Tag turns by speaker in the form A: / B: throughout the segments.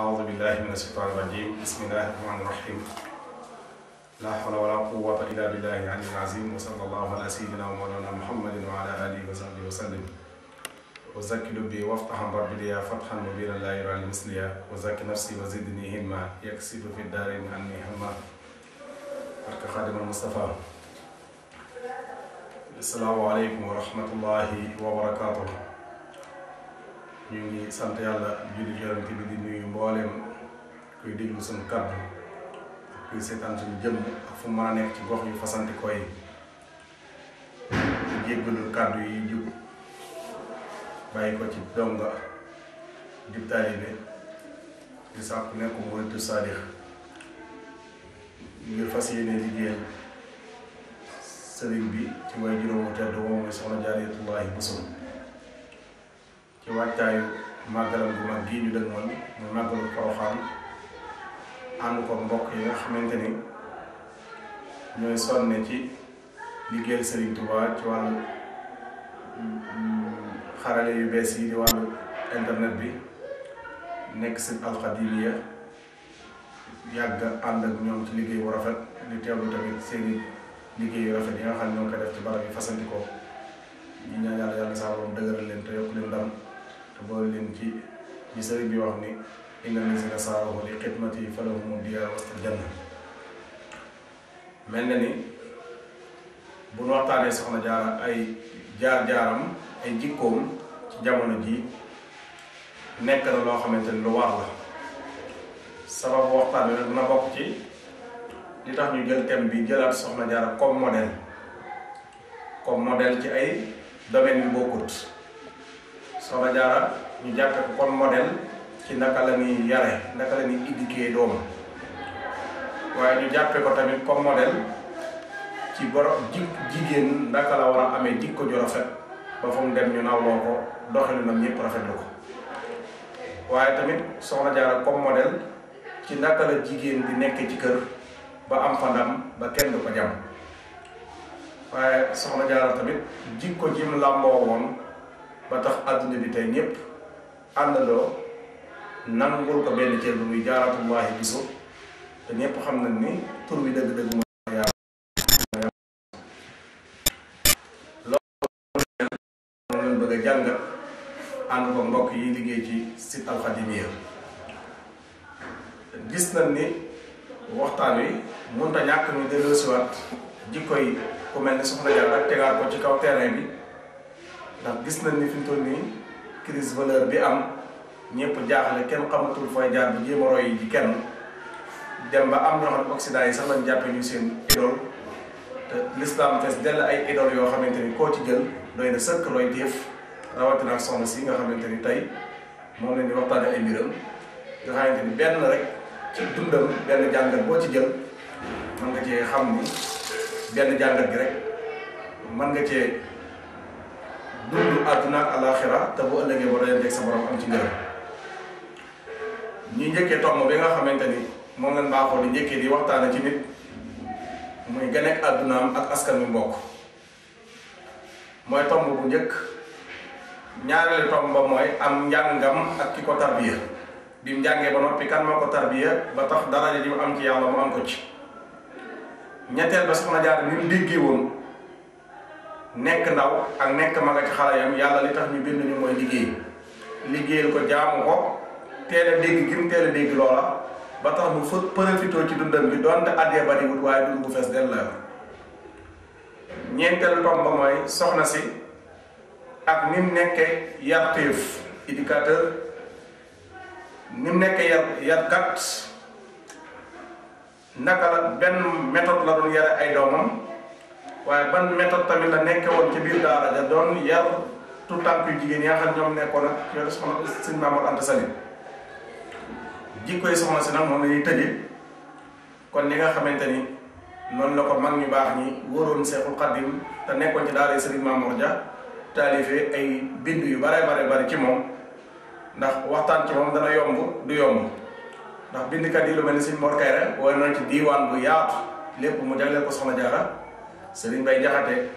A: أعوذ بالله من الشيطان الرجيم بسم الله الرحمن الرحيم لا حول ولا قوة إلا بالله العلي العظيم وصلى الله على سيدنا ومولانا محمد وعلى آله وصحبه وسلم وزكي لبي وفتحا ربي لي فتحا مبينا لا يرى لمثلها وزكي نفسي وزدني همة يكسب في الدارين عني همة بركة خادم المصطفى السلام عليكم ورحمة الله وبركاته ñu ngi sant yàlla julli yonent bi di nuyu mbooleem kuy déglu suñu kàddu kuy seetaan suñu jëm ak fu mën nekk ci gox yu fasanti koy jéggalul kàddu yi jub bàyyi ko ci donga dib taalibe di sàkku nekk muridu saadix ngir fas yéene liggéeyal sëriñ bi ci way juróomu tedd woo ci wàccaayu màggalam bu mag gii ñu dëg moon mu màggalu Poroxaan ko mbokk yi nga xamante ni ñooy sonne ci liggéeyal Serigne Touba ci wàllu mm, xarale yu bees yi di internet bi nekk si alxadimiya yàgg ànd ak ñoom ci liggéey bu rafet di teewlu tamit seeni liggéey rafet yi nga xam ne ñoo def ci barab yi fasantikoo ñu ñaan yàlla yàlla saa borom dëgëral leen te yokk leen ndam boole leen ci li sëriñ bi wax ni inna lazina saarahu li xidmati falahum diya wasta janna mel ni bu nu waxtaanee soxna jaara ay jaar-jaaram ay jikkoom ci jamono ji nekk na loo xamante ni lu war la sababu waxtaan bi nag na bokk ci li tax ñu jël thème bi jëlaat soxna jaara comme modèle comme modèle ci ay domaine yu bokkut Soxna Jaara ñu jàpp ko comme modèle ci naka la ñuy yare naka la ñuy éduquer doomu waaye ñu jàppe ko tamit comme modèle ci borom ji jigéen naka la war a amee jikko ju rafet ba fu mu dem ñu nawloo ko doxalinam ñëpp rafetlu ko waaye tamit Soxna Jaara comme modèle ci naka la jigéen di nekk ci kër ba am fa ndam ba kenn du ko jam waaye Soxna Jaara tamit jikko jim làmboo woon ba tax àdduna bi tey ñëpp àndandoo nangul ko benn cër bu muy jaaratullaahi bisu te ñëpp xam nañ ni tur bi dëgg-dëgg mooy yàlla loolu moom leen bëgg a jàngat ànd ko mbokk yi liggéey ci site Al gis nañ ni waxtaan wi mënut na ñàkk ñu delloosiwaat jikko yi ku mel ni soxna yàlla ak tegaat ko ci kaw terrain bi ndax gis nañ ni fi mu toll nii crise valeur bi am ñëpp jaaxle kenn xamatul fooy jaar bi jéem a roy ji kenn dem ba am ñoo xam occident yi sax lañ jàppe ñu seen idol te l'islam fees dell ay idol yoo xamante ni koo ci jël doy na sëkk roy téef rawatina ak soxna si nga xamante ni tey moom lañ di waxtaane ay mbiram nga xamante ni benn rek ci dundam benn jàngat boo ci jël man nga cee xam ni benn jàngat gi rek man nga cee dundu àdduna al akhirah te bu ëllëgee bo doon dégg sa borom am ci ngërëm ñi ñëkke tomb bi nga xamanteni mo ngeen lañ di ñëkke di waxtaane ci nit muy aduna am ak askan wi mbokk moy tomb bu njëkk ñaareelu tomb ba moy am njàngam ak kiko tarbiya bi mu jàngee ba noppi kan moo tarbiya ba tax dara ji mu am ci yàlla mu am ko ci ñetteel ba soxna jaar ni mu woon nek ndaw ak nek ma xalayam yalla li tax ñu bind ñu moy liggéey liggéeyal ko jaamu ko teel dégg gim teel dégg loola ba tax mu fot profito ci dundam bi donte adee bari wut waaye dund bu fees del la ñeenteel pam ba mooy soxna si ak nim nekke yarteef éducateur nim nekke yar yarkat naka la benn méthode la doon yare ay doomam waaye ban méthode tamit la nekke woon ci biir daara ja doon yar tout tànk yu jigéen yaa xam ñoom nekkoon ak yow soxna sëñ Mamour Anta Sali jikkoy soxna si nag moom la ñuy tëjee kon li nga xamante ni noonu la ko mag ñu baax ñi wóoroon Seexul Xadim te nekkoon ci daara Sëriñ Mamour ja taalife ay bind yu bare bare bare ci moom ndax waxtaan ci moom dana yomb du yomb ndax bindkat yi lu mel ni sëñ Mor Kayre wala na ci diiwaan bu yaatu lépp mu jagleel ko soxna jaara serigne bay jaxate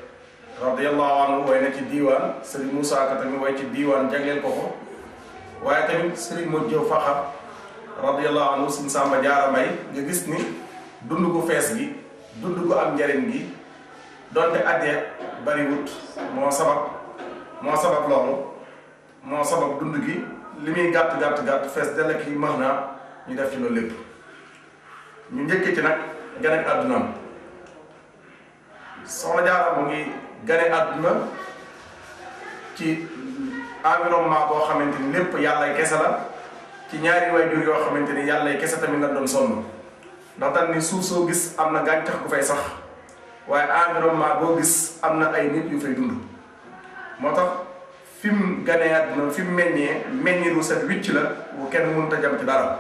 A: radiyallahu anhu way na ci diwan serigne musa ka tamit way ci diwan jagnel ko ko waye tamit serigne modjo faxa radiyallahu anhu sin samba jaara may nga gis ni dundu ko fess gi dundu ko am njariñ gi donte bari wut mo sabab mo sabab lolu mo sabab dundu gi limi gatt gatt gatt fess dal ak yi mahna ñu def ci lolu lepp ñu ñëkke ci nak ak adunam soxna Jaara mu ngi gane àdduna ci environnement boo xamante ni lépp yàllay kese la ci ñaari waajur yoo xamante ni yàllay kese tamit nga doon sonn ndax dañ ni suuf soo gis am na gàncax gu fay sax waaye environnement boo gis am na ay nit yu fay dund moo tax fi mu ganee àdduna fi mu meññee meññiru set wicc la bu kenn mënut a ci dara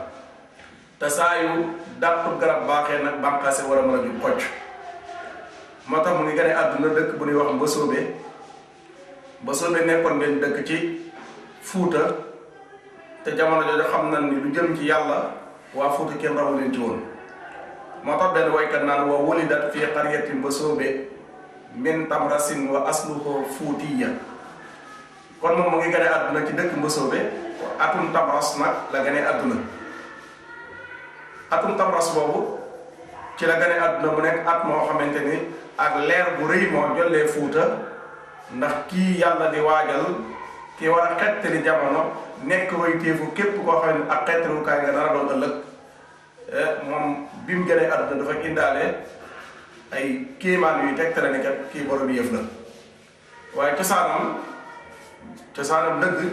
A: te saa yu dàqu garab baaxee nag bànqaase war a mën jub xocc Mata mu ngi gane aduna dekk bu ni wax mbosobe mbosobe nekkon ben dekk ci fouta te jamono jooju xam nan ni lu jëm ci yalla wa fouta kenn rawu len ci won mata ben way kan nan wa wulidat fi qaryatin mbosobe min tamrasin wa asluhu fuutiya kon mom mu ngi gane aduna ci dëkk mbosobe atum tamras nak la gane aduna atum tamras bobu ci la gane aduna mu nek at mo xamanteni ak leer bu rëy moo jollee fuuta ndax kii yàlla di waajal ki war a xettali jamono nekk way képp koo xam ne ak nga dara doon ëllëg eh, moom bi mu gënee àdduna dafa indaale ay kéemaan yu tegtale ne kat kii borom yëf la waaye cosaanam cosaanam dëgg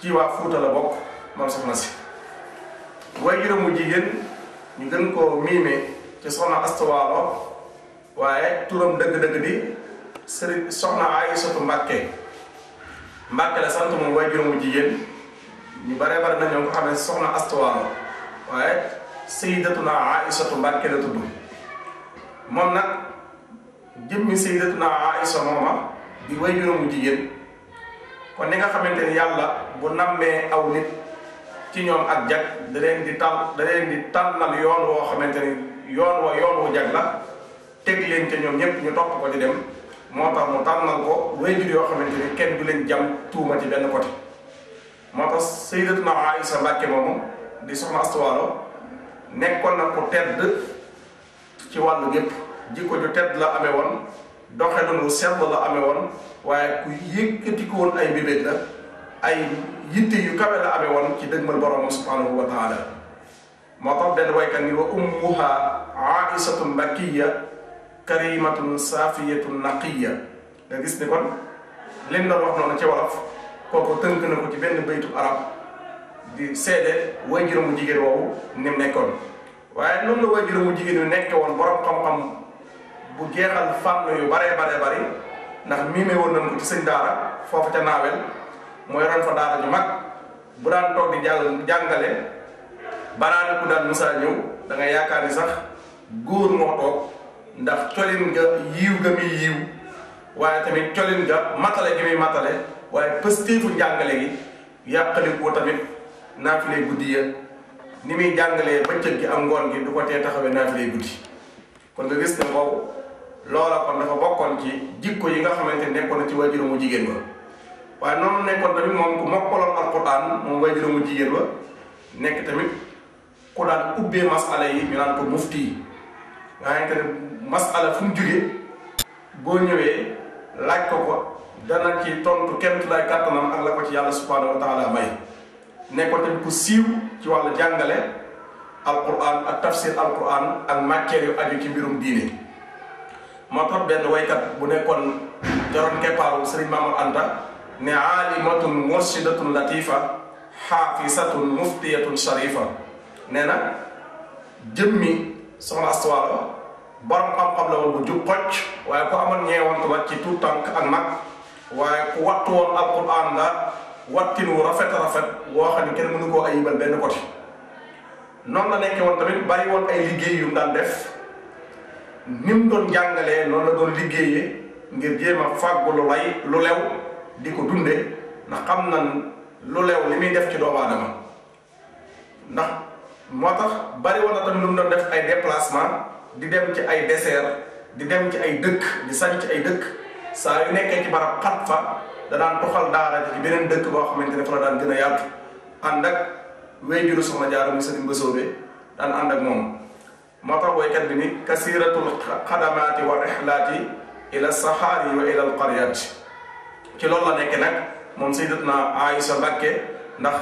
A: ci waa fuuta la bokk moom soxna si waaye juróomu jigéen ñu gën koo miime ci soxna astuwaalo waaye turam dëgg-dëgg di sëriñ soxna Aysatu Mbàkke Mbàkke la sant moom waajuram wu jigéen ñu bare bare na ñoo xamee soxna astuwaalo waaye sayyidatuna Aysatu Mbàkke la tudd moom nag jëmmi sayyidatuna Aysa mooma di waajuram wu jigéen kon ni nga xamante ni yàlla bu nammee aw nit ci ñoom ak jag da leen di tànn da leen di tànnal yoon woo xamante ni yoon wa yoon wu jag la teg leen ca ñoom ñëpp ñu topp ko di dem moo tax mu tànnal ko wayjur yoo xamante ni kenn du leen jam tuuma ci benn côté moo tax sayyidatuna Aïssa Mbàkke moomu di soxna astuwaalo nekkoon na ko tedd ci wàllu gépp jikko ju tedd la amee woon doxe na lu sell la amee woon waaye ku yëkkati ko woon ay mbébét la ay yitte yu kawe la amee woon ci dëgmal borom subhanahu wa taala moo tax benn waykat ni wa ummuha aïsatu mbakkiya karimatun saafiyatun naqiya nga gis ni kon lim doon wax noonu ci wolof kooku tënk na ko ci benn baytu arab di seede way juróomu jigéen woowu ni mu nekkoon waaye noonu la way juróomu jigéen yu nekk woon borom xam-xam bu jeexal fànn yu baree baree bari ndax miime woon nañ ko ci sëñ daara foofu ca naawel mooy ron fa daara ju mag bu daan toog jàngale banaana ku daan musaa ñëw da nga yaakaar ni sax góor moo toog ndax colin nga yiiw nga muy yiiw waaye tamit colin nga matale gi muy matale waaye pëstéefu njàngale gi yàqali ko tamit naafile guddi ya ni muy jàngalee bëccëg gi ak ngoon gi du ko tee taxawee naafile guddi kon nga gis ne boobu loola kon dafa bokkoon ci jikko yi nga xamante nekkoon na ci waajuru mu jigéen ba waaye noonu nekkoon tamit moom ku mokkaloon alquran moom waajuru jigéen ba nekk tamit ku daan ubbee masala yi ñu naan ko mufti nga xamante ne masala fu mu jugee boo ñëwee laaj ko ko dana ci tontu kemt lay kàttanam ak la ko ci yàlla subhanahu wa taala may nekkoon tamit ku siiw ci wàllu jàngale alquran ak tafsir alquran ak matière yu aju ci mbirum diine moo tax benn waykat bu nekkoon jaroon keppaaru sëriñ maamar anta ne alimatun mursidatun latifa xaafisatun muftiyatun sharifa nee na jëmmi soxna astuwaalo borom am xam la woon bu jub xocc waaye ku amoon ñeewantu la ci tout tànk ak mag waaye ku wattu woon alquran la wattin wu rafet rafet woo xam ne kenn mënu koo ayibal benn côté noonu la nekkee woon tamit bari woon ay liggéey yu mu daan def ni doon jàngalee noonu la doon liggéeyee ngir jéem a fàggu lu lay lu lew di ko dunde ndax xam na lu lew li muy def ci doomu ndax moo tax bari woon na tamit lu doon def ay déplacement di dem ci ay désert di dem ci ay dëkk di sañ ci ay dëkk saa yu nekkee ci barab pat fa da daan toxal daara ci beneen dëkk boo xamante ne fa daan gën a yàgg ànd ak wéyjuru soxna Jaara mu sëriñ Mbasoobe daan ànd ak moom moo tax woykat bi ni kasiratul xadamaati nekk nag moom sayyidatna ndax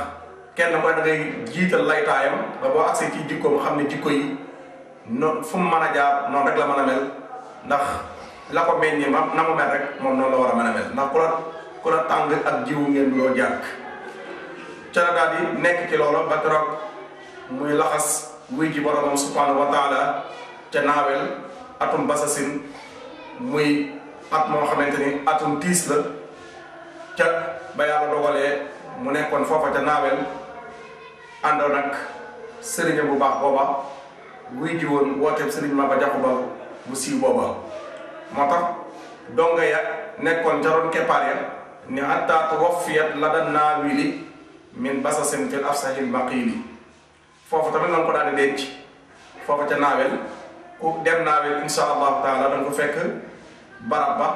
A: kenn mooy da ngay jiital laytaayam ba boo agsee ci jikkoom xam ne jikko yi noonu fu mu mën a jaar noonu rek la mën a mel ndax la ko meññ ma na mel rek moom noonu la war a mën a mel ndax ku la ku la ak jiwu ngeen loo jàkk ca daal di nekk ci loolu ba keroog muy laxas wuy ji boromam subhanahu wa taala ca naawel atum basasin muy at moo xamante ni atum tiis la ca ba yàlla mu nekkoon foofa ca naawel àndoon ak sëriñam bu baax booba wuy ji woon wooteeb sëriñ Maba Jaxu Ba bu siiw booba moo tax donga ya nekkoon jaroon keppaar ya ni hatta tuwaffiyat ladan naawili min basasin fil afsahil maqili foofu tamit nan ko daal di denc foofu ca naawel ku dem naawel insha allahu taala danga ko fekk barab ba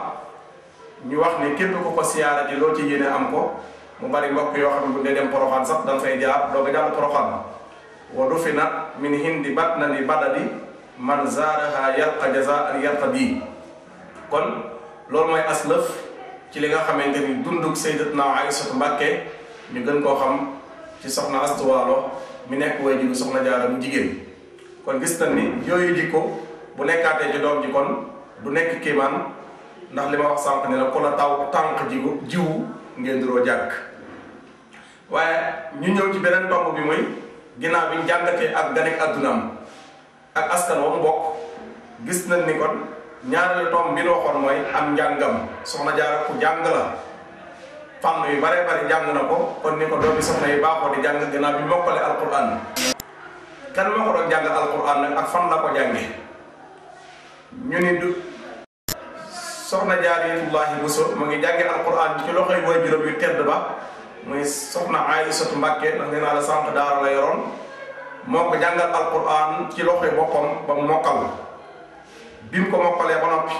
A: ñu wax ni képp ku ko siyaara ji loo ci yéene am ko mu bari mbokk yoo xam ne bu dee dem poroxaan sax dañ fay jaar doo ko jàll poroxaan wa finak, min hindi batna li badadi man zaadaha yalqa jazaa yarta bi kon loolu mooy aslëf ci li nga xamante dunduk sayyidatna aïsatu mbàkke ñu gën koo xam ci soxna astuwaalo mi way jigu soxna jaara mu kon gis tan ni yooyu jikko bu bonek ci doom ji kon du nekk kiimaan ndax li wax sànq la la taw jigu jiwu ngeen duroo jàkk waaye ñu ñëw ci bi ginaaw bi ñu jàngatee ak ganek addunaam ak askan wa mu bokk gis nañ ni kon ñaareelu tomb bi ñu waxoon mooy am njàngam soxna Jaara ku jàng la fànn yu bare bari jàng na ko kon ni ko doomi soxna yi baaxoo jàng ginnaaw bi ak fan la ko jànge ñu ni du soxna Jaaratullaahi Buso mu ngi jànge alquran ci loxoy waajuram yu tedd ba muy soxna Aysatu Mbàkke ndax nee naa la sànq daara la yoron moko jangal alquran ci loxoy bopam ba mokal bim ko mokkalee ba nopi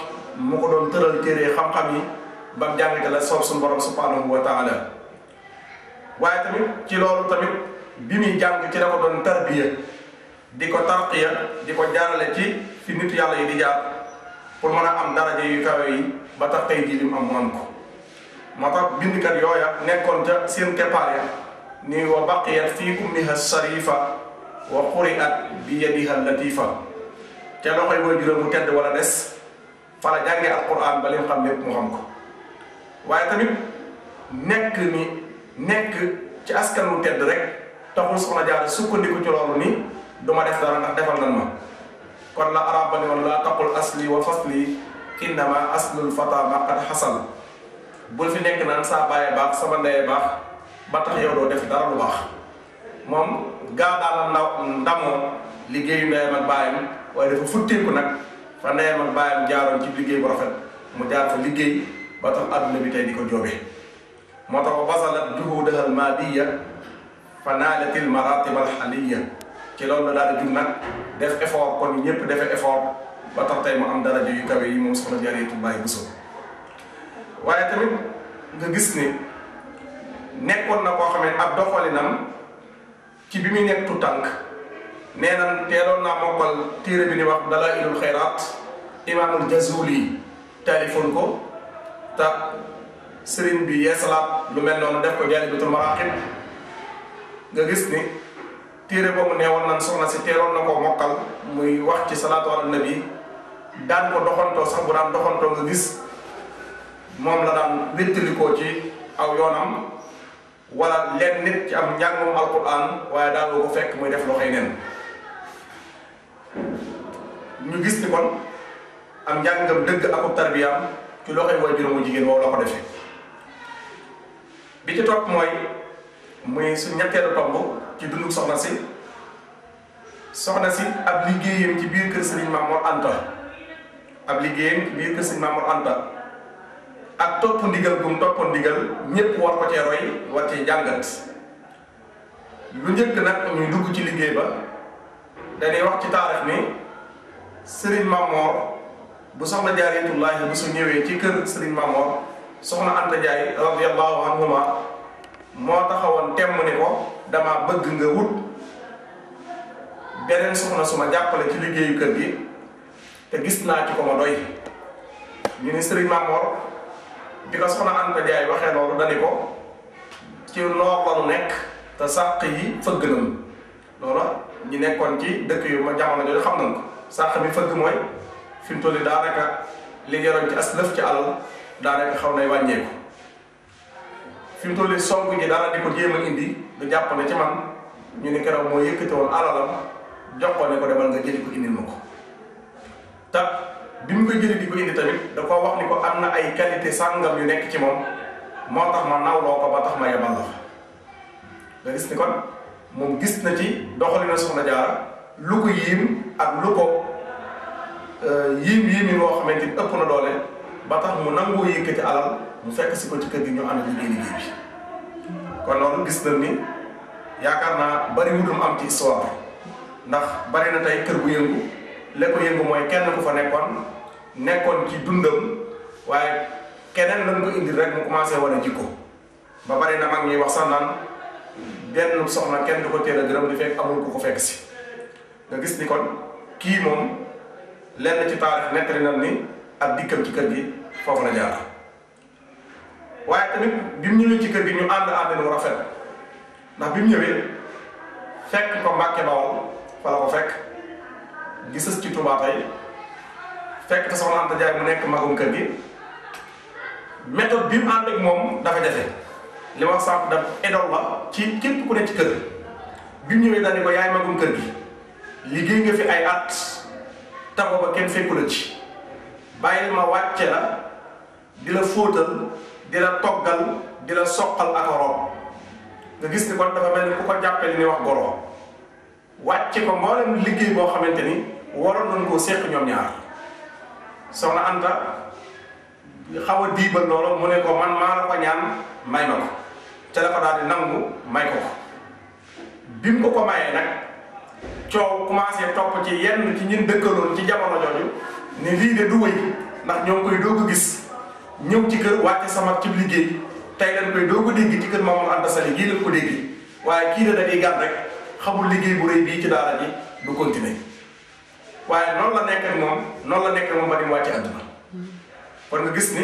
A: moko don teural tëral xam-xam yi ba jang la soob sun borom subhanahu wa taala waye tamit ci lolu tamit bimi jang ci dafa don tarbiya diko tarqiya diko ko ci fi nitu yalla yi di jaar pour mën am daraja yu kawe yi ba tax tay di lim am am ko motax bindikat yooya nekkon ta seen keppaar ya ni wa baqiyat fi ummiha sharifa wa quri'at bi yadiha latifa do koy way juro mu tedd wala dess fa la alquran balim xam lépp mu xam ko waye tamit nek ni nek ci askanu tedd rek taxul soxna jaar sukkandiku ci lolu ni duma def dara ndax defal nan ma kon la arab ba taqul asli wa fasli innama aslul fata ma qad hasal bul fi nekk naan saa bàyyee baax sama ndeyee baax ba tax doo def dara lu baax moom gaa daal la ndamoo liggéeyu ndeyam ak bàyyam waaye dafa futteeku nag fa ndeyam ci liggéey bu rafet mu jaar fa liggéey ba tax bi di ko joobee moo tax basalat juhudaha al maadiya fa naalatil maratib al xaliya ci loolu la daal di nag def effort kon ñëpp defe effort ba tax tey mu am daraja yu kawe yi moom soxna Jaaratullaahi Buso waaye tamit nga gis ni nekkoon na koo xam ab doxalinam ci bi muy nekk tu tànk nee na teeloon naa mokkal téere bi ni wax dalailul xayraat imaamul jazuli taalifoon ko ta sëriñ bi yeesalaat lu mel noonu def ko bitul maraqib nga gis ni téere boobu neewoon nan soxna si teeloon na ko mokkal muy wax ci salaatu ala nabi daan ko doxantoo sax bu daan doxantoo nga gis mom la daan wéttalikoo ci aw yonam wala len nit ci am njàngum alquran waaye daal ko fekk muy def loxoy nen ñu gis ni kon am njàngam dëgg akub tarbiyaam ci loxoy way juróomu jigéen woowu la ko defee bi ci top moy muy su ñetteelu tomb ci dunduk soxna si soxna si ab liggéeyam ci biir keur Serigne Mamour Anta ab liggéeyam biir keur Serigne Mamour Anta ak top ndigal gum top ndigal ñepp war ko ci roy war ci jangat lu ñëk nak ñu dugg ci liggéey ba dañuy wax ci tarikh ni Serigne Mamor bu soxna jariyatullah bu su ñëwee ci kër Serigne Mamor soxna Anta Jaay radiyallahu anhuma mo taxawon tem ni ko dama bëgg nga wut benen soxna suma jappalé ci liggéeyu kër gi te gis na ci ko ma doy ni Serigne Mamor bi ko soxna Anta Ndiaye waxee loolu dani ko ci noor la nu nekk te sàq yi fëgg nañu loola ñi nekkoon ci dëkk yu ma jamono jooju xam nañ ko sàq bi fëgg mooy fi mu toll daanaka li yoroon ci as lëf ci alal daanaka xaw na wàññeeku fi mu toll song ji daanaka di ko jéem a indi nga jàpp ne ci man ñu ne keroog moo yëkkati woon alalam jox ko ne ko demal nga jëli ko indil ma ko bi ko jëlee di ko indi tamit da ko wax ni ko am na ay qualité sangam yu nekk ci moom moo tax ma nawloo ko ba tax ma yebal la fa nga gis ni kon moom gis na ci doxalina soxna jaara lu ko yiim ak lu ko euh, yiim yiim yi loo xamante ni ëpp na doole ba tax mu nangoo yëkkati alal mu fekk si ko ci kër gi ñu ànd liggéey liggéey bi kon loolu gis nañ ni yaakaar naa bari wutum am ci histoire ndax bari na tey kër bu yëngu le ko yëngu mooy kenn ku fa nekkoon nekkoon ci dundam waaye keneen lañ ko indi rek mu commencé wane jikko ba bare na mag ñuy wax sax naan benn soxna kenn du ko teel a gërëm di fekk amul ko ko fekk si nga gis ni kon kii moom lenn ci taarix nettali nan ni ak dikkam ci kër gi foofu la jaar waaye tamit bi mu ñëwee ci kër gi ñu ànd ànd mu rafet ndax bi mu ñëwee fekk ko mbàkke bawol fa la ko fekk gisas ci Touba tey fekk te soxna ta jaay mu nekk magum kër gi méthode bi mu ànd ak moom dafa jafe li wax sànq da édol la ci képp ku ne ci kër bi mu ñëwee daal ko yaay magum kër gi liggéey nga fi ay at taxaw ba kenn fekku la ci bàyyil ma wàcce la di la fóotal di la toggal di la soqal ak room nga gis ni kon dafa mel ni ku ko jàppee wax goro wàcce ko mboolem liggéey boo xamante ni waroon nañ koo ñoom ñaar. soxna Anta xaw a diibal loolu mu ne ko man maa la ko ñaan may ma ko ca ko daal di nangu may ko ko bi mu ko mayee nag coow commencé topp ci yenn ci ñun dëkkaloon ci jamono jooju ne lii de du wëy ndax ñoo ngi koy doog a gis ñëw ci kër wàcce sama cib liggéey tey dañ koy doog a dégg ci kër Mamadou Anta Sali gii lañ ko dégg waaye kii la da ngay gàtt rek xamul liggéey bu rëy bii ci daara ji du continuer. waaye noonu la nekk ak moom noonu la nekk moom ba di wàcc àdduna kon nga gis ni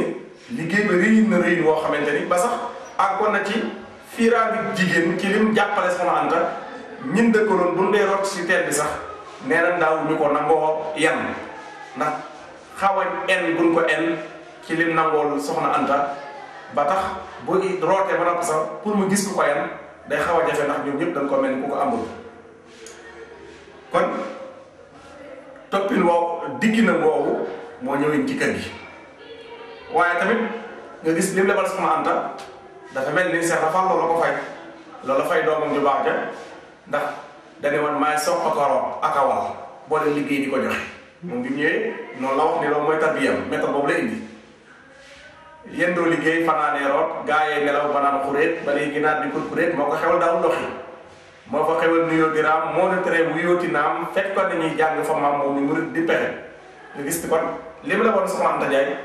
A: liggéey ba rëyin na rëyin woo xamante ni ba sax àggoon na ci fiiraangi jigéen ci lim jàppale sama anta ñin dëkkaloon bu dee rot si teen bi sax nee na daaw ñu ko nangoo yan ndax xaw a en buñ ko en ci lim nangool soxna anta ba tax bu rootee ba na ko sax pour mu gis ku ko yan day xaw a jafe ndax ñoom ñëpp dañ ko mel ku ko amul kon wo digginam woowu moo ñëwin ci kër gi waaye tamit nga gis lim lebal sama anta dafa mel ni seex dafa loolu ko fay loolu fay doomam ju baax ja ndax dane woon maay sopp ko rob ak awal boole liggéey di ko bi ñëwee noonu la wax ni loolu mooy tarbiyam méthode boobu la indi yendoo liggéey fanaanee nelaw ba naat di xewal ma fa xewal nuyo bi raam moo ne tere wuyooti nam fekk ko ni jang fa maam mo mi murid di pexe ni gis kon lim la won soxna ta jay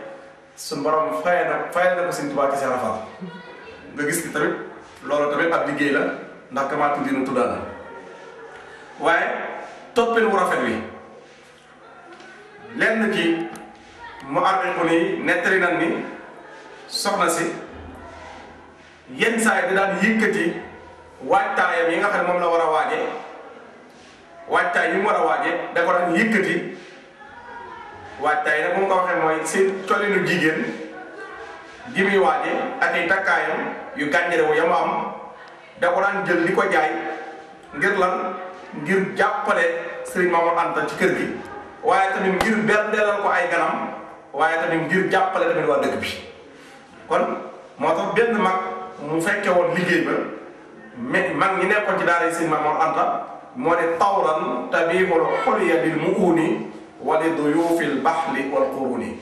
A: sun borom fay na fay na ko sin tuba ci Serap Fall nga gis ni tamit lolo tamit ab liggéey la ndax kamaa tudi tuddaa la waye toppin wu rafet wi len ci mu amee ko ni netri nan ni soxna si yenn saa yi da daan yëkkati. waajtaayam yi nga xam ne moom la war a waaje waajtaay yi mu war a waaje da ko daan yëkkati waajtaay nag mu ko waxee mooy si colinu jigéen ji waaje ak takkaayam yu gànjarewu ya mu am da ko daan jël di ko jaay ngir lan ngir jàppale Serigne Mamadou Anta ci kër gi waaye tamit ngir berdeelal ko ay ganam waaye tamit ngir jàppale tamit waa dëkk bi kon moo tax benn mag mu fekke woon liggéey ba mais man ñi nekkoon ci daara yi sëñ Mamoor Anta moo ne tawran tabibul xulya bil muuni wa li duyufil baxli wal quruni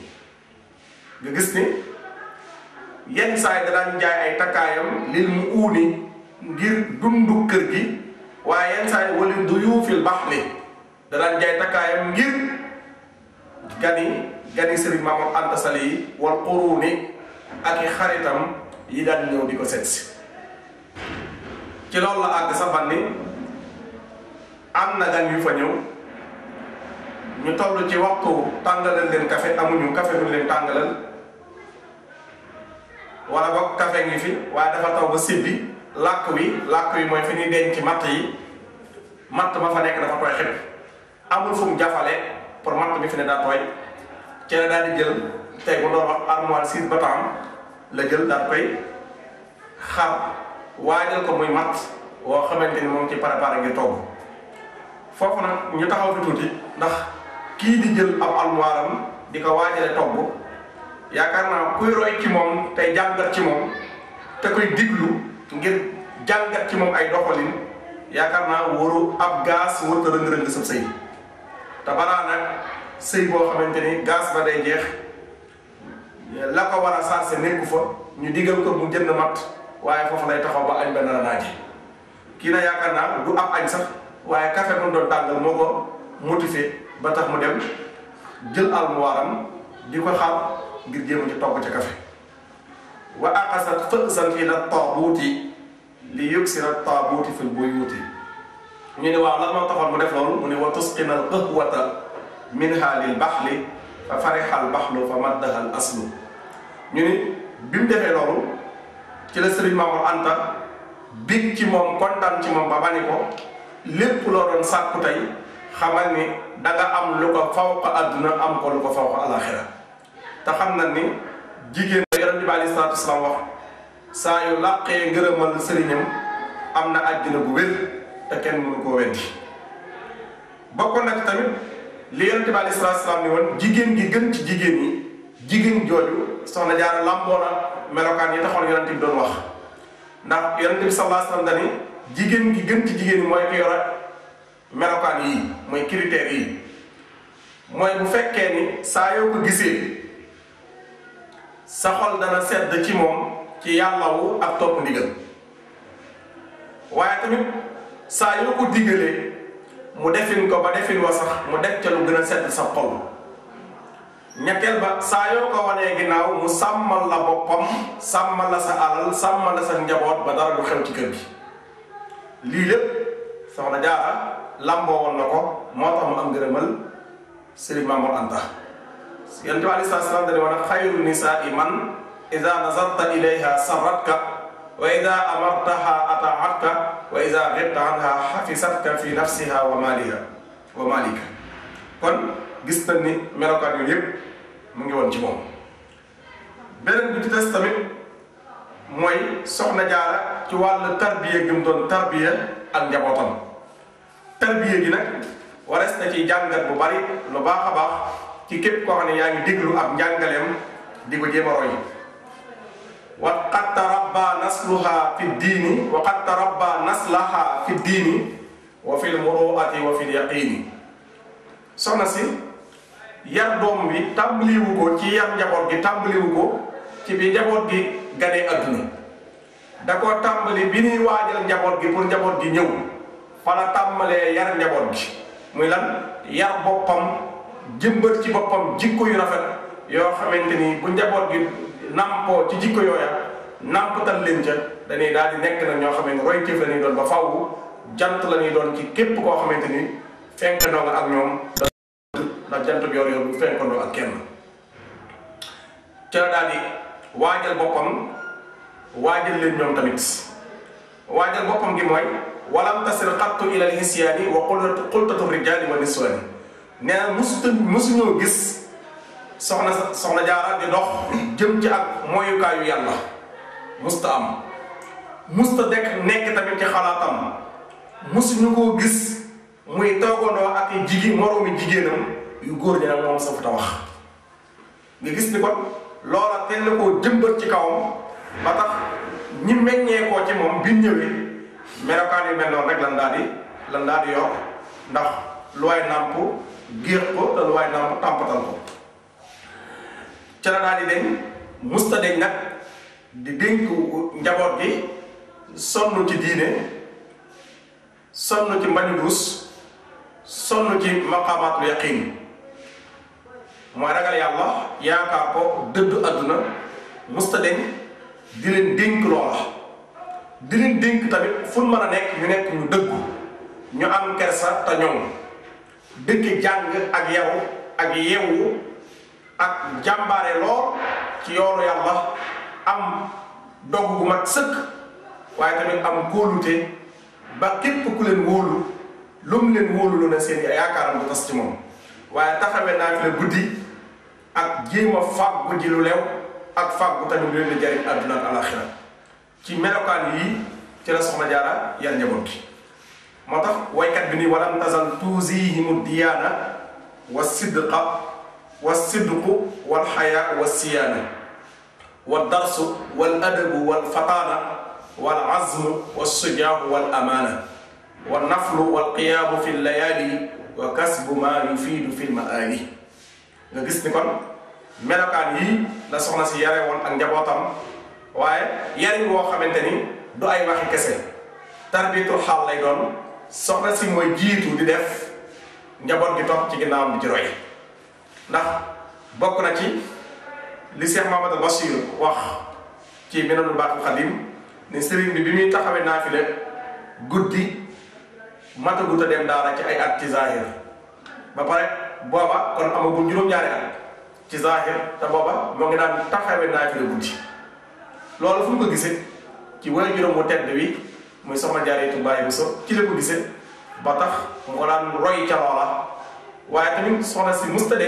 A: nga gis ni yenn saa yi da daan jaay ay takkaayam lil muuni ngir dundu kër gi waaye yenn saa yi wa li duyufil baxli da takkaayam ngir gani gani sëriñ Mamoor Anta Sali wal quruni ak i xaritam yi daan ñëw di ko seetsi ci loolu la àgg safar ni am na gan yu fa ñëw ñu toll ci waxtu tàngalal leen café amuñu café bu leen tàngalal wala boog café ngi fi waaye dafa taw ba sibbi làkk wi làkk wi mooy fi ñuy ci matt yi matt ma fa nekk dafa koy xib amul fu mu jafale pour matt mi fi ne daa tooy ci la daal di jël tey bu doon wax armoire six la jël daal koy xar waajal ko muy mat woo xamante ni moom ci préparé ngir togg foofu na ñu taxaw fi tuuti ndax kii di jël ab almuwaaram di ko waajale togg yaakaar naa kuy roy ci moom tey jàngat ci moom te koy diglu jàngat ci moom ay doxalin yaakaar naa waru ab gaz warut a rëng-rëng sab sëy te balaa nag sëy boo xamante ni gaz ba day jeex la ko war a sarse nekku fa ñu digal ko mu jënd mat waaye foofu lay taxaw ba añ ba a naaje kii na yaakaar naa du ab añ sax waaye café bu doon tàngal moo ko motivé ba mu dem jël almuwaaram di ko xaar ngir jéem ci togg ca café wa aqasat fësan ila taabuuti li yuksira taabuuti fil buyuuti ñu ne waaw lan moo taxoon mu def loolu mu ne wa tusqina al qahwata minha lil baxli fa fariha al baxlu fa maddaha al aslu ñu ni bi mu defee loolu ci la Serigne Mamour Anta bég ci moom kontaan ci moom ba bani ko lépp loo doon sàkku tey xamal ni da am lu ko fawqa àdduna am ko lu ko fawqa alaxira te xam na ni jigéen yonent bi aleyhi salaatu wax saa yu làqee ngërëmal sëriñam am na àjjana bu wér te kenn mënu koo weddi bokk nag tamit li yonent bi aleyhi salaatu ni woon jigéen gi gën ci jigéen yi jigen joju soxna jaar lambo na melokan yi taxol yaronte bi doon wax ndax yaronte bi sallallahu alayhi wasallam dani jigen gi gën ci jigen moy ki yore melokan yi moy critère yi moy bu fekke ni sa yoo ko gisee sa xol dana sedd ci mom ci wu ak top ndigal waye tamit sa yoo ko digele mu defin ko ba defin wa sax mu def ci lu gëna sedd sa xol ñetteel ba saa yoo ko wanee ginnaaw mu sàmmal la boppam sàmmal la sa alal sàmmal la sa njaboot ba dara lu xew ci kër gi lii lépp soxna Jaara lamboo woon na ko moo tax mu am ngërëmal Serigne Mamour Anta yonent bi aleyhi salaatu salaam dañu wax ne xayru nisaa'i man ida nazarta ilayha sarratka wa ida amartaha ataatka wa ida xibta anha xafisatka fi nafsiha wa maliha wa malika kon gis na ni melokaan yooyu yëpp mu ngi woon ci moom beneen bi ci des tamit mooy soxna jaara ci wàllu tarbiya gi mu doon tarbiya ak njabootam tarbiya gi nag wares na ci jàngat bu bari lu baax a ci képp koo xam ne yaa ak njàngaleem di ko jéem a roy wa qad tarabba nasluha fi diini wa qad tarabba naslaha fi diini wa fil muruati wa fil yaqin soxna si yar bi tambli wu ko ci yar njaboot gi wu ko ci bi njaboot gi gane aduna da ko tambali bi ni wajal njaboot gi pour njaboot gi ñew fa la tàmbalee yar njaboot gi muy lan yar bopam jëmbat ci bopam jikko yu rafet yo xamanteni bu njaboot gi nampo ci jikko nampo tan leen ca dañi dal di nek na ño xamanteni roy ci fa ni doon ba faww jant la ñuy doon ci képp ko xamanteni fenk nga ak ñom ndax jant bi yor-yor bu fenkandoo ak kenn ca la daal di waajal boppam waajal leen ñoom tamit waajal boppam gi mooy walam musta am musta dekk nekk tamit ci xalaatam musuñu koo gis muy toogandoo ak jigéen moroomi jigéenam yu góor ñi nag moom safut a wax nga gis ni kon loola teel koo jëmbat ci kawam ba tax ñi meññeekoo ci moom bi ñëwee melokaan yu rek lan daal di lan daal di yor ndax lu waay nàmp géex ko te lu waay nàmp tàmpatal ko ca la daal di deñ musta nag di dénk njaboot gi sonn ci diine sonn ci mbañu dus sonn ci maqaamaatul yaqiin mooy ragal yàlla yaakaar ko dëddu àdduna mustaden di leen dénk loola di leen dénk tamit fu mën a nekk ñu nekk ñu dëggu ñu am kersa te ñoom dëkk jàng ak yaru ak yeewu ak jàmbaare lool ci yoonu yàlla am dogg gu mat sëkk waaye tamit am kóolute ba képp ku leen wóolu lu mu leen wóolu lu ne seen yaakaaram du tas ci moom waaye taxawee naa fi la guddi ak jéema fàggu ji lu lew ak fàggu tamit lu leen di jariñ àdduna ak alaxira ci melokaan yii ci la soxna jaara yar njaboot gi moo tax waykat bi ni walam tazal tuusihimu diyaana wa sidqa wa sidqu wal xayaa wa siyaana wa darsu wal adabu wal fataana wal azmu wa sujaahu wal amaana wa naflu wal qiyaamu fi llayaali wa kasbu maa yufiidu fi lmaali nga gis ni kon melokaan yii la soxna si yare woon ak njabootam waaye yarin woo xamante ni du ay waxi kese tarbiyatul xaal lay doon soxna si mooy jiitu di def njaboot gi topp ci ginnaawam di ci roy ndax bokk na ci li Cheikh Mamadou Bachir wax ci Minanul Baaxil Xadim ni sëriñ bi bi muy taxawee naafile guddi matagut a dem daara ci ay at ci zahir ba pare booba kon amagul juróom-ñaari at ci zahir te booba moo ngi daan taxawee naafila guddi loolu fu mu ko gisee ci way juróom wu tedd wi muy soxna Jaaratu Bàyyi Buso ci la ko gisee ba mu roy ca loola waaye si musta di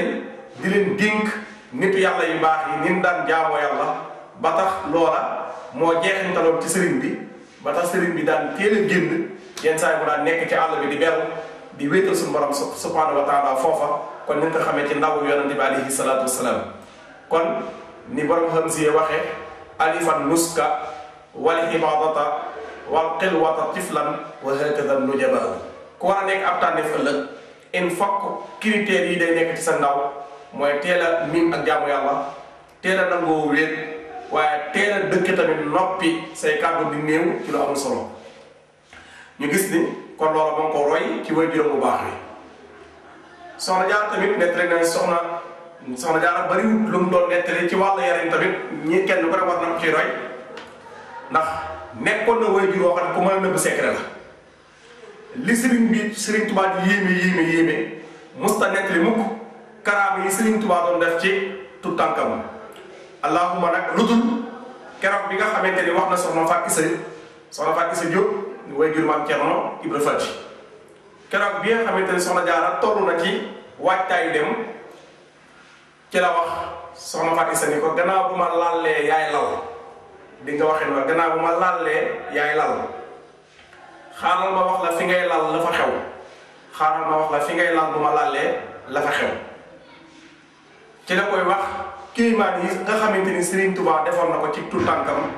A: leen dénk nitu yàlla yu baax yi nin daan jaamoo yàlla ba tax loola moo jeexintaloon ci sëriñ bi ba tax sëriñ bi daan teel a génn yenn saa yi mu daan nekk ci àll bi di beru bi wéetal suñu borom subhanahu wa taala foofa kon ni nga ko xamee ci ndaw yonente bi alayhi salaatu wasalaam kon ni borom Hamziya waxee alifan nuska wal ibadata wal xilwata tiflan wa hakada nujaba ku war a nekk ab tànneef ëllëg in fokk critères yi day nekk ci sa ndaw mooy teel miin ak jaamu yàlla teel a nangoo waaye teel a dëkk tamit noppi say kàddu di néew ci lu am solo ñu gis ni kon loolu ba nga ko roy ci way juróom baax bi soxna jaar tamit nettali na soxna soxna jaara bariwut lu mu doon nettali ci wàllu yaram tamit ñi kenn ko ne war na ko ci roy ndax nekkoon na way jur woo xam ne ku bi sëriñ Tuubaa di yéeme yéeme yéeme musta nettali yi sëriñ Tuubaa doon def ci tout tànkam allahuma nag lu dul keroog bi nga xamante ni wax na soxna Fatou Issa soxna Fatou Issa Diop way jur maam Cerno Ibra Fati keroog bi nga xamante ne soxna Jaara toll na ci waajtaayu dem ci la wax soxna Faty Issa ni ko gannaaw bu ma laalee yaay lal di nga waxee noonu gannaaw bu ma laalee yaay lal xaaral ma wax la fi ngay lal la fa xew xaaral ma wax la fi ngay lal bu ma laalee la fa xew ci la koy wax kiimaan yi nga xamante ni Serigne Touba defoon na ko ci tout tànkam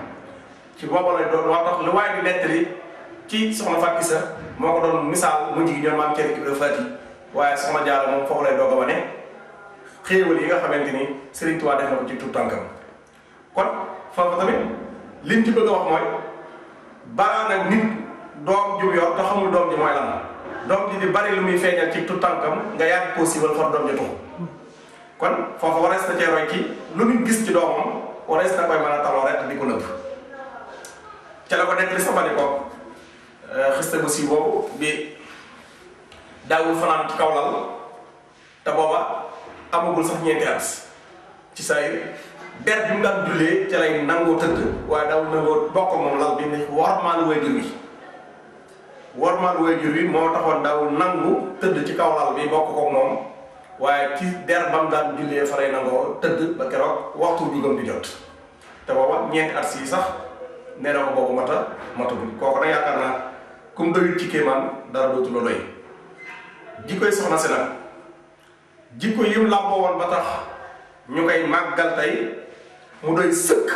A: ci boobu la doon wax lu waay di nettali ki soxna fakki sa moko don misal mu jigi ñoom maam Thierno do Fati waye sama Diallo moom fofu lay doog a wane yi ya. nga xamanteni Serigne Touba def na ko ci tout tankam kon fofu tamit liñ ci bëgg wax moy balaa nak nit doom ju yor ya, ta xamul doom ji moy lan doom ji di bari lu muy feñal ci tout tankam nga yàgg possible for doom ji tuxu kon fofu wa na ci roy ci lu nit gis ci doomam warees na koy mën talo rek di ko nëbb la ko nek li sabali ko xiste bu si boobu bi daawul fanaan ci kaw lal te booba amagul sax ñeenti at ci say der bi mu daan jullee ci lay nangoo tëdd waaye daawul nangoo bokk moom lal bi ne warmaal way jur wi warmaal way jur wi moo taxoon daawul nangu tëdd ci kaw lal bi bokk ko moom waaye ci der bam daan jullee fa lay nangoo tëdd ba keroog waxtu jugam di jot te booba ñeenti at si sax ko boobu mata mataguñ kooku nag yaakaar naa comme doyut ci kéemaan dara dootu la doy jikkoy soxna si nag jikko yim làmboo woon ba tax ñu koy màggal tey mu doy sëkk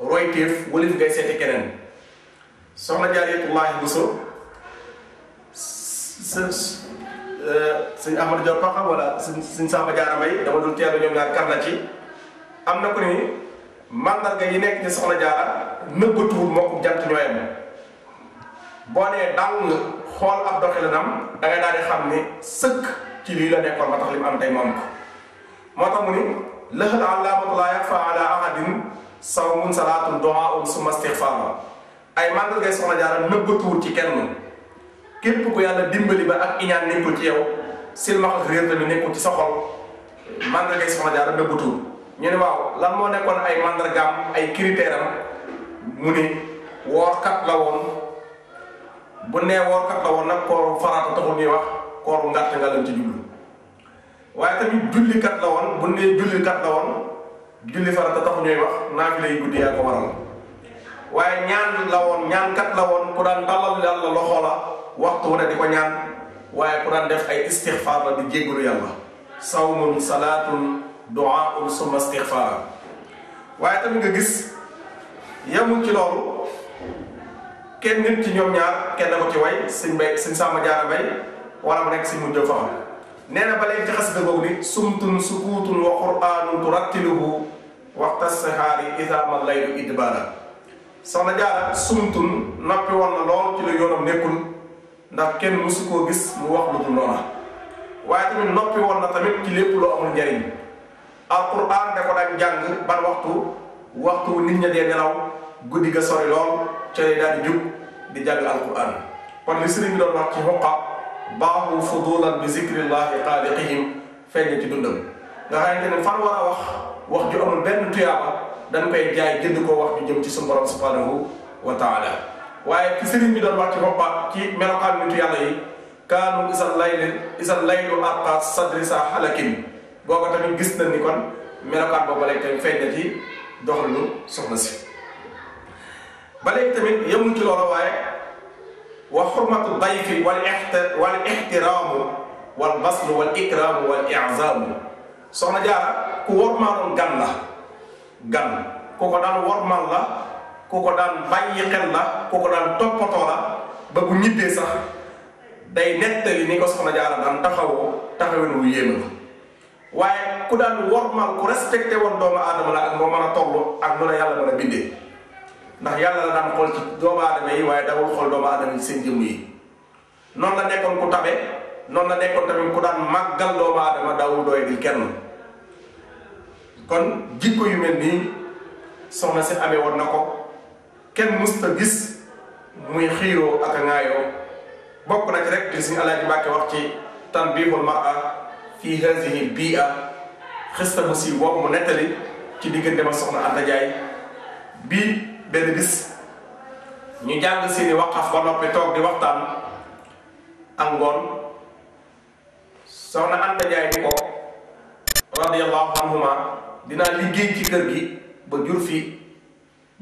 A: royteef walif ngay seeti keneen soxna jaariyatullaahi Buso së sëñ Ahmadou Dior Paxa wala sëñ sëñ Samba Diarra Mbaye dama dul teelu ñoom ñaar kar na ci am na ku ni màndarga yi nekk ci soxna jaara nëbbatuwul moo ko jant ñooyam boo nee dàng xool ab doxalinam da ngay daal di xam ni sëkk ci lii la nekkoon ba tax li mu am tey moom ko moo tax mu ni lëxal laa yaxfa ala ahadin sawmun salaatun du'aa'un summa istixfaarun ay màndargay soxna jaara nëbbatuwul ci kenn képp ku yàlla dimbali ba ak iñaan nekkul ci yow silmax ak réer tamit nekkul ci sa xol màndargay soxna jaara nëbbatuwul ñu ne waaw lan moo nekkoon ay màndargaam ay critère mu ni woorkat la woon bu ne wor kat la won nak ko farata taxul ñuy wax kooru ngat nga lañ ci jublu waye tamit djulli kat la won bu ne djulli kat la won djulli farata taxu ñuy wax naafila lay guddi ya ko waral waye ñaan la won ñaan kat la won ku dan dalal yàlla loxo la waxtu wona diko di ñaan waye ku dan def ay istighfar la di jéggulu yàlla sawmun salatun du'aun summa istighfar waye tamit nga gis yamu ci lolu kenn nit ci ñom ñaar kenn ko ci way sëñ bay sëñ sama jaara bay wala mu nek sëñ mu jofa neena na ba léegi ci xass bëgg ni sumtun sukutun wa qur'anun turattiluhu waxta sahaari idaama laylu idbara sama jaara sumtun noppi won na lool ci la yoonam nekkul ndax kenn musu ko gis mu wax lu dul noona waye tamit noppi won na tamit ci lepp lo amul al-qur'an da ko daan jang ban waxtu waxtu nit ñi de nelaw guddiga sori lool ca lay di jub di jàng alquran kon li sëriñ bi doon wax ci xoqa baaxu fudulan bi zikrillahi xaaliqihim feeñ ci dundam nga xamante ne far war a wax wax ju amul benn tuyaaba dañ koy jaay jënd koo wax ju jëm ci sun borom subhanahu wa taala waaye ki sëriñ bi doon wax ci xoqa ci melokaan nitu yàlla yi kaanu isal layli isal laylu arqa sadri sa xalakin booba tamit gis na ni kon melokaan boobu tamit feeñ na ci doxlu soxna si ba léegi tamit yemuñ ci loolu waaye wa xurmatu dayfi wal ixti wal ixtiraamu wal baslu wal ikraamu wal izaamu soxna jaara ku wormaaloon gan la gan ku ko daan wormaal la ku ko daan bàyyi xel la ku ko daan toppatoo la ba bu ñibbee sax day nettali ni ko soxna jaara daan taxawoo taxawin wu waaye ku daan wormaal ku respecté woon doomu aadama la ak moo mën a toll ak lu la yàlla mën a bindee ndax yàlla la daan xool ci doomu aadama yi waaye dawul xool doomu aadama yi seen jëmm yi noonu la nekkoon ku tabe noonu la nekkoon tamit ku daan màggal doomu aadama dawul doy di kenn kon jikko yu mel nii soxna si amee woon na ko kenn musta gis muy xiiroo ak a ŋaayoo bokk na ci rek li suñu Alaaji Mbàkke wax ci tanbihul mar'a fii hazihi bi'a xista bu si mu nettali ci diggante ma soxna Anta bii benn bis ñu jàng seeni waqaf ba noppi toog di waxtaan ak ngoon soxna Anta ni ko radiyallahu anhuma dinaa liggéey ci kër gi ba jur fi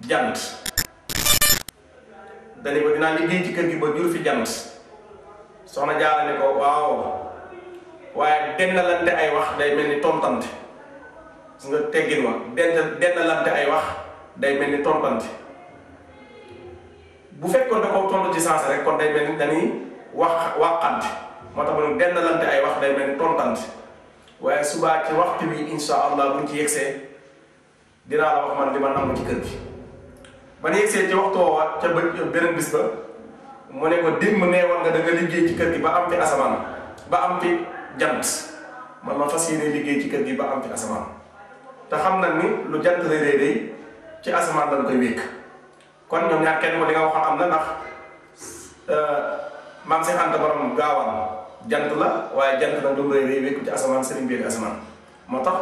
A: jant dani ko dinaa liggéey ci kër gi ba jur fi jant soxna jaara ni ko waaw waaye dennalante ay wax day mel ni tontante su nga teggin ma denn dennalante ay wax day mel ni tontante bu fekkoon da koo tontu ci sens rek kon day mel ni dañuy wax waxante moo tax ma ne dendalante ay wax day mel ni waaye subaa ci waxtu bi insha allah buñ ci yegsee dinaa la wax man li ma nangu ci kër gi. ba ñu yegsee ci waxtu woowa ca beneen bis ba mu ne ko démb neewal nga da liggéey ci kër gi ba am fi asamaan ba am fi jant man ma fas yéene liggéey ci kër gi ba am fi asamaan te xam na ni lu jant lay day ci asamaan lañ koy wékk. kon ñoom ñaar kenn mo li nga wax am na euh man seen ant borom gawan jant la waye jant la do reey reey ci asaman serigne bi ak asamaan moo tax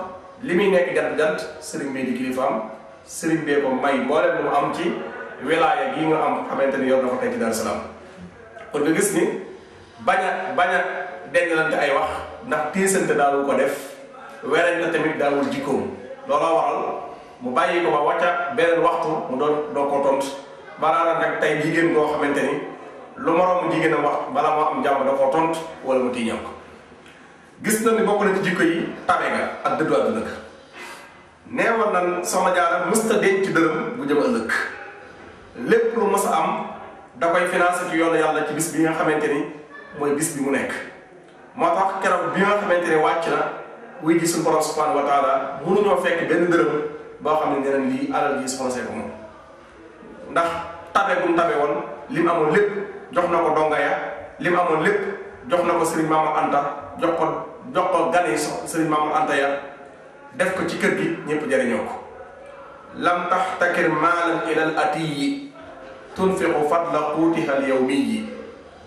A: nekk jant jant serigne bi di am serigne bi ko may mboolem lu mu am ci wilaya gi nga am xamanteni ni yor na ko tey ci Dar salam ko nga gis ni baña baña bañ lan ay wax nak tiisante dalu ko def wérante tamit dalu jikko lolo waral mu bàyyi ko ba wàcca beneen waxtu mu doon doo ko tont balaa la nag tey jigéen boo xamante ni lu moroomu jigéenam wax bala moo am jàmm da ko tont wala mu tiiñam ko gis na ni bokk na ci jikko yi tabe nga ak dëddu àdduna ka neewal nan sama jaara mësta denc dërëm bu jëm ëllëg lépp lu mës am da koy financer ci yoonu yàlla ci bis bi nga xamante ni mooy bis bi mu nekk moo tax keroog bi nga xamante ni wàcc na wuy ji suñu borom subhanahu wa taala mënuñoo fekk benn dërëm boo xam ne neneen alal ji sponsé ko moom ndax tabe bu mu tabe woon li mu amoon jox na ko donga ya li mu amoon jox na ko sëriñ Maama Anta jox ko jox ko gane so sëriñ Maama Anta ya def ko ci kër gi ñëpp jariñoo ko lam taxtakir maalan ilal atiyi tunfiqu fadla quutiha al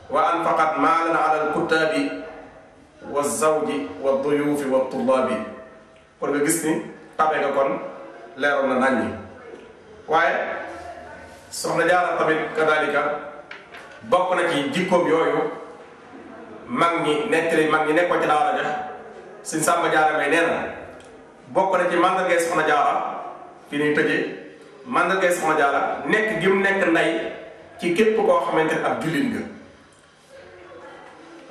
A: wa anfaqat maalan ala al wa zawji wa duyuufi wa tullaabi kon nga gis ni tabe kon leeroon na nañ ñi waaye soxna Jaara tamit kadalika bokk na ci jikkoom yooyu mag ñi nettali mag ñi nekkoon ci daara ja si Sàmba Jaara may nee na bokk na ci mandargay soxna Jaara fi ñuy tëjee mandargay soxna Jaara nekk gi mu nekk nday ci képp koo xamante ne ab jullit nga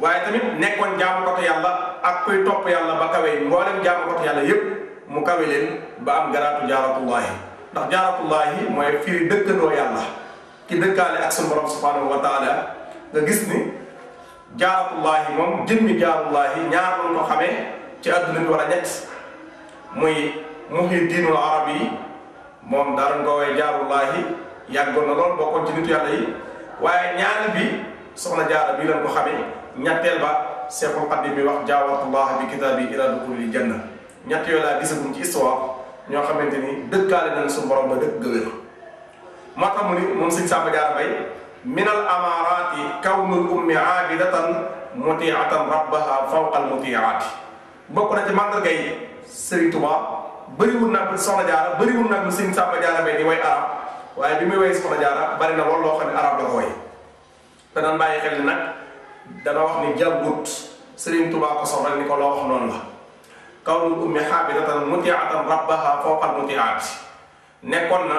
A: waaye tamit nekkoon jaamukatu yàlla ak kuy topp yàlla ba kawee mboolem jaamukatu yàlla yépp mu kawe leen ba am garaatu lahi, ndax jaaratullahi mooy firi dëkkandoo yalla ki dekkale ak sun borom subhanahu wa taala nga gis ni jaaratullahi moom jëmmi jaarullahi ñaar lañ ko xamé ci aduna bi wala ñet moy muhi diinul arab yi moom dara nga woy jaarullahi yàggoon na lol bokkoon ci nitu yalla yi waye ñaari bi soxna jaara bi lañ ko xamé ñetteel ba di qadim bi wax jaawartullah bi kitabi ila dukhulil jannah ñatt yoo laa gisagum ci histoire ñoo xamante ni dëkkaale nañ suñu borom ba dëkk gëwér moo tax mu ni moom sëñ Samba Diar Mbay min al amarati kawnu l ummi aabidatan mutiatan rabbaha fawqa al mutiati bokk na ci màndarga yi sëriñ Tuba bëriwul naa soxna jaara bëriwul naa sëñ Samba Diar Mbay di way arab waaye bi muy way soxna jaara bari na lool loo xam ne arab la ko way te nan bàyyi xel nag dana wax ni jàggut sëriñ Touba ko soxna ni ko loo wax noonu la Kau ummi habitatan muti'atan rabbaha fawqa muti'at nekon na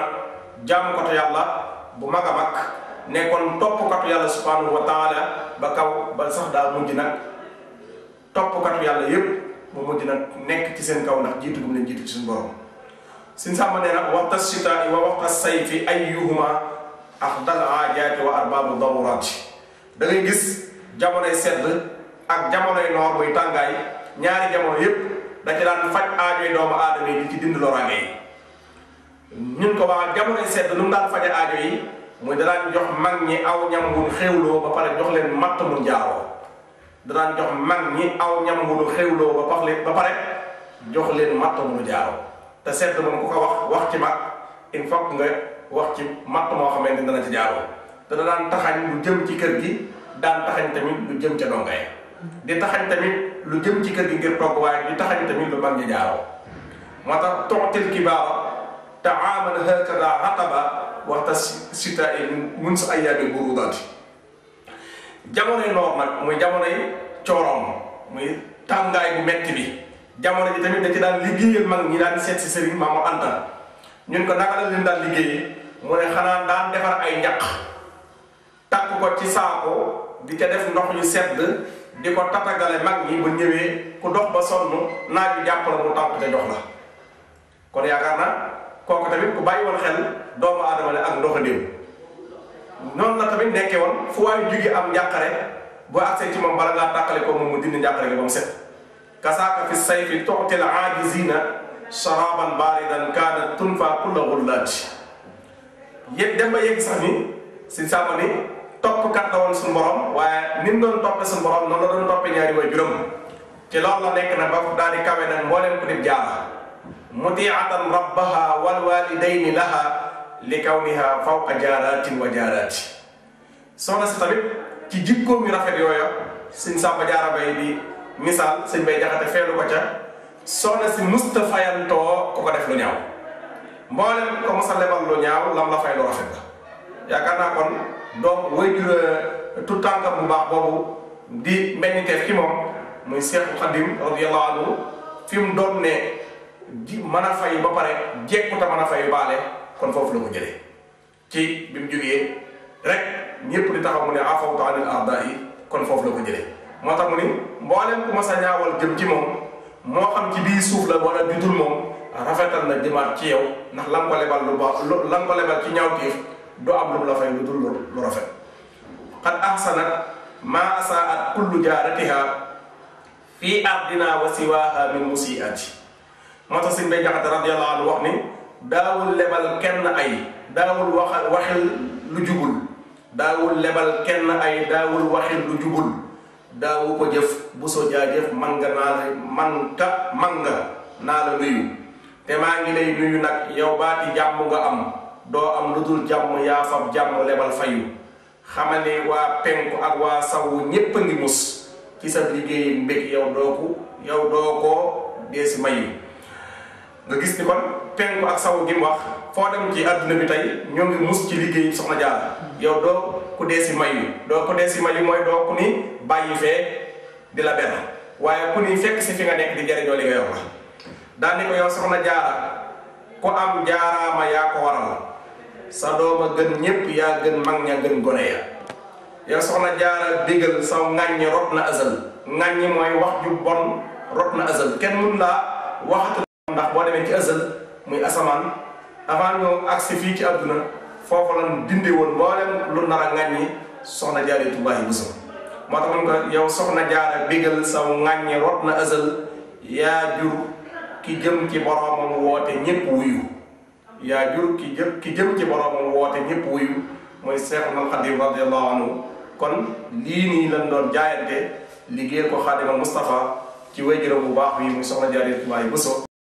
A: jam ko to yalla bu maga mak nekon top ko to yalla subhanahu wa ta'ala ba kaw bal sax da mu nak top ko to yalla yeb mu mujj nak nek ci sen kaw nak jitu gum len jitu ci sun borom sin sama neena waqta shita'i wa waqta sayfi ayyuhuma afdal ajati wa arbabu dawrat da ngay gis jamono sedd ak jamono noor boy tangay ñaari jamono yeb da ci daan faj aajo yi doomu aadama yi di ci dind loraange yi ñun ko waa jamono sedd nu mu daan faje aajo yi muy da daan jox mag ñi aw ñam wu xewloo ba pare jox leen matt mu njaaroo da daan jox mag ñi aw ñam wu xewloo ba pare ba pare jox leen matt mu njaaroo te sedd moom ku ko wax wax ci mag il faut nga wax ci matt moo xamante dana ci jaaroo te da daan taxañ lu jëm ci kër gi daan taxañ tamit lu jëm ca dongay ya. di taxañ tamit lu jëm ci kër gi ngir togg waaye ñu taxaj tamit lu bañ ñi jaaroo moo tax toxtil kibaara taamal hakada hataba ta sita in mun sa ayyaami jamono jamonoy noor nag muy jamonoy cooroom muy tàngaay bu metti bi jamono ji tamit da ci daan liggéeyal mag ñi daan seet si sëriñ maamu anta ñun ko naka la leen daan liggéeyee mu ne xanaa daan defar ay njaq takk ko ci saako di ca def ndox yu sedd di ko tatagale mag ñi ba ñëwee ku dox ba sonn naaj bi jàpp la mu tànk te jox la kon yaakaar na kooku tamit ku bàyyi woon xel doomu aadama ne ak ndoxandéem noonu na tamit nekkee woon fu waayu jóge am njàqare boo agsee ci moom bala ngaa tàqale ko moom mu dindi njàqare gi ba mu set kasaaka fi sayfi tu'til aajizina sharaban baaridan kaanat tunfa kulla gullaati yëg dem ba yëg sax ni si sàmm ni topp kat la woon suñu borom waaye ni doon toppee suñu borom noonu la doon toppee ñaari way juróom ci loolu la nekk na ba daal di kawe nag mbooleem ku dib jaam mutiatan rabbaha wal walidayni laha li kawniha fawqa jaaratin wa jaaraati soxna si tamit ci jikkoom yu rafet yooya suñ sàmba jaara bay di misaal suñ bay jaxate feelu ko ca soxna si mustafayantoo ku ko def lu ñaaw mboolem ko mos a lu ñaaw lam la fay lu rafet donc waajur euh, tout tànkam bu baax boobu di meññiteef fi moom muy Seexu Xadim radiyallahu anhu fi mu doon ne di mën a fay ba pare jekku te mën a fay baale kon foofu la ko jëlee ci bi mu jógee rek ñëpp di taxaw mu ne afawtu anil a'daa yi kon foofu la ko jëlee moo tax mu ni mbooleem ku ma sa ñaawal jëm ci moom moo xam ci biir suuf la wala jutul moom rafetal na jëmaat ci yow ndax lan ko lebal lu baax lan ko lebal ci ñaawteef du am lu mu la fay lu dul lu rafet qad ahsanat ma asaat kullu jaaratiha fi ardina wa siwaha min musiati moo tax sëñ bay jaxate radiallahu anhu wax ni daawul lebal kenn ay daawul wax waxil lu jubul daawul lebal kenn ay daawul waxil lu jubul daawu ko jëf bu soo jaajëf man nga naa la man ka man nga naa la nuyu te maa ngi lay nuyu nag yow baati jàmm nga am Do am ludul dul ya fab jàmm lebal fayu xamane ne waa ak wa saw ñepp ngi mus ci sa liggey mbek yow doko yow doko des may mayu nga gis ni kon penku ak saw gi wax fo dem ci aduna bi tay ñoo ngi mus ci liggey soxna jaar yow do ku desi mayu doo ku mayu ku ni bayyi fe di la benn waye ku ni fekk ci fi nga nek di do li nga wax la ni ko yow soxna jaar ko am jaarama ya ko waral sa dooma gën ñépp yaa gën mag ña gën gone ya yaa soxna jaara bégal saw ŋàññi rot na azal ŋàññi mooy wax ju bon rot na azal kenn laa waxatu ndax boo demee ci azal muy asamaan avant ñoo agsi fii ci àdduna foofu lan dindi woon mboolem lu nar a ŋàññi soxna jaara tubaayi buso moo tax mun ko yow soxna jaara bégal saw ŋàññi rot na azal yaa jur ki jëm ci boromam woote ñépp wuyu yaa jur ki jëm ki jëm ci boroomam woote ñëpp wuyu mooy Seexul Xadim radiyallahu anhu kon lii nii lañ doon jaayante liggéeyal ko Xaadimal Mustafa ci wéyjëram bu baax bi muy soxna Jaaratullaahi Buso